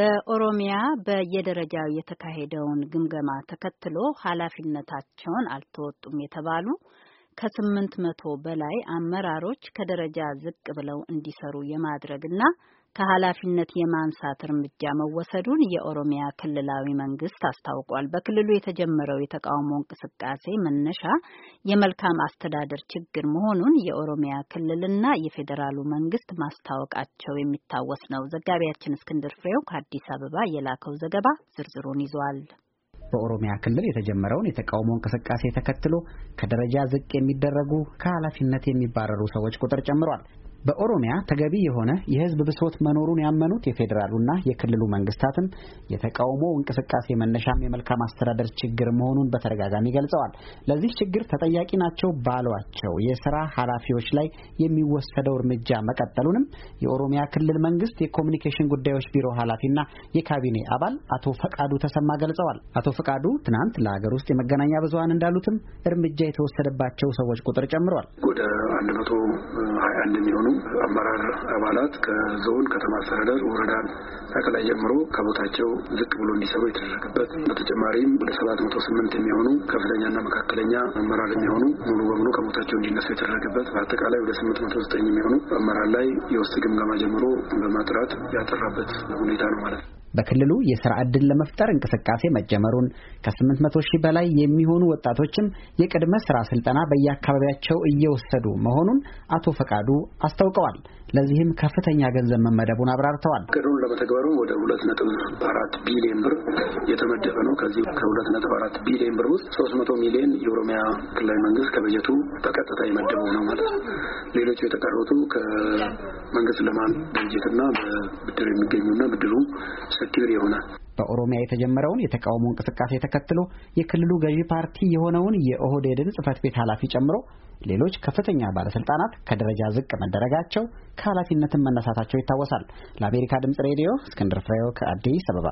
በኦሮሚያ በየደረጃው የተካሄደውን ግምገማ ተከትሎ ኃላፊነታቸውን አልተወጡም የተባሉ ከስምንት መቶ በላይ አመራሮች ከደረጃ ዝቅ ብለው እንዲሰሩ የማድረግና ከኃላፊነት የማንሳት እርምጃ መወሰዱን የኦሮሚያ ክልላዊ መንግስት አስታውቋል። በክልሉ የተጀመረው የተቃውሞ እንቅስቃሴ መነሻ የመልካም አስተዳደር ችግር መሆኑን የኦሮሚያ ክልልና የፌዴራሉ መንግስት ማስታወቃቸው የሚታወስ ነው። ዘጋቢያችን እስክንድር ፍሬው ከአዲስ አበባ የላከው ዘገባ ዝርዝሩን ይዟል። በኦሮሚያ ክልል የተጀመረውን የተቃውሞ እንቅስቃሴ ተከትሎ ከደረጃ ዝቅ የሚደረጉ ከኃላፊነት የሚባረሩ ሰዎች ቁጥር ጨምሯል። በኦሮሚያ ተገቢ የሆነ የህዝብ ብሶት መኖሩን ያመኑት የፌዴራሉና የክልሉ መንግስታትም የተቃውሞ እንቅስቃሴ መነሻም የመልካም አስተዳደር ችግር መሆኑን በተደጋጋሚ ገልጸዋል። ለዚህ ችግር ተጠያቂ ናቸው ባሏቸው የስራ ኃላፊዎች ላይ የሚወሰደው እርምጃ መቀጠሉንም የኦሮሚያ ክልል መንግስት የኮሚኒኬሽን ጉዳዮች ቢሮ ኃላፊና የካቢኔ አባል አቶ ፈቃዱ ተሰማ ገልጸዋል። አቶ ፈቃዱ ትናንት ለሀገር ውስጥ የመገናኛ ብዙሀን እንዳሉትም እርምጃ የተወሰደባቸው ሰዎች ቁጥር ጨምሯል። ወደ አንድ መቶ ሀያ አንድ የሚሆኑ አመራር አባላት ከዞን ከተማ አስተዳደር ወረዳ ጠቅላይ ጀምሮ ከቦታቸው ዝቅ ብሎ እንዲሰሩ የተደረገበት በተጨማሪም ወደ ሰባት መቶ ስምንት የሚሆኑ ከፍተኛና መካከለኛ አመራር የሚሆኑ ሙሉ በሙሉ ከቦታቸው እንዲነሱ የተደረገበት በአጠቃላይ ወደ ስምንት መቶ ዘጠኝ የሚሆኑ አመራር ላይ የውስጥ ግምገማ ጀምሮ በማጥራት ያጠራበት ሁኔታ ነው ማለት ነው። በክልሉ የስራ ዕድል ለመፍጠር እንቅስቃሴ መጀመሩን ከ800 ሺህ በላይ የሚሆኑ ወጣቶችም የቅድመ ስራ ስልጠና በየአካባቢያቸው እየወሰዱ መሆኑን አቶ ፈቃዱ አስታውቀዋል። ለዚህም ከፍተኛ ገንዘብ መመደቡን አብራርተዋል። እቅዱን ለመተግበሩ ወደ ሁለት ነጥብ አራት ቢሊዮን ብር የተመደበ ነው። ከዚህ ከሁለት ነጥብ አራት ቢሊዮን ብር ውስጥ ሶስት መቶ ሚሊዮን የኦሮሚያ ክልላዊ መንግስት ከበጀቱ በቀጥታ የመደበው ነው ማለት ነው። ሌሎቹ የተቀረቱ ከመንግስት ለማን ድርጅትና በብድር የሚገኙና ብድሩ ሰኪር ይሆናል። በኦሮሚያ የተጀመረውን የተቃውሞ እንቅስቃሴ ተከትሎ የክልሉ ገዢ ፓርቲ የሆነውን የኦህዴድን ጽህፈት ቤት ኃላፊ ጨምሮ ሌሎች ከፍተኛ ባለስልጣናት ከደረጃ ዝቅ መደረጋቸው ከኃላፊነትም መነሳታቸው ይታወሳል። ለአሜሪካ ድምጽ ሬዲዮ እስክንድር ፍሬው ከአዲስ አበባ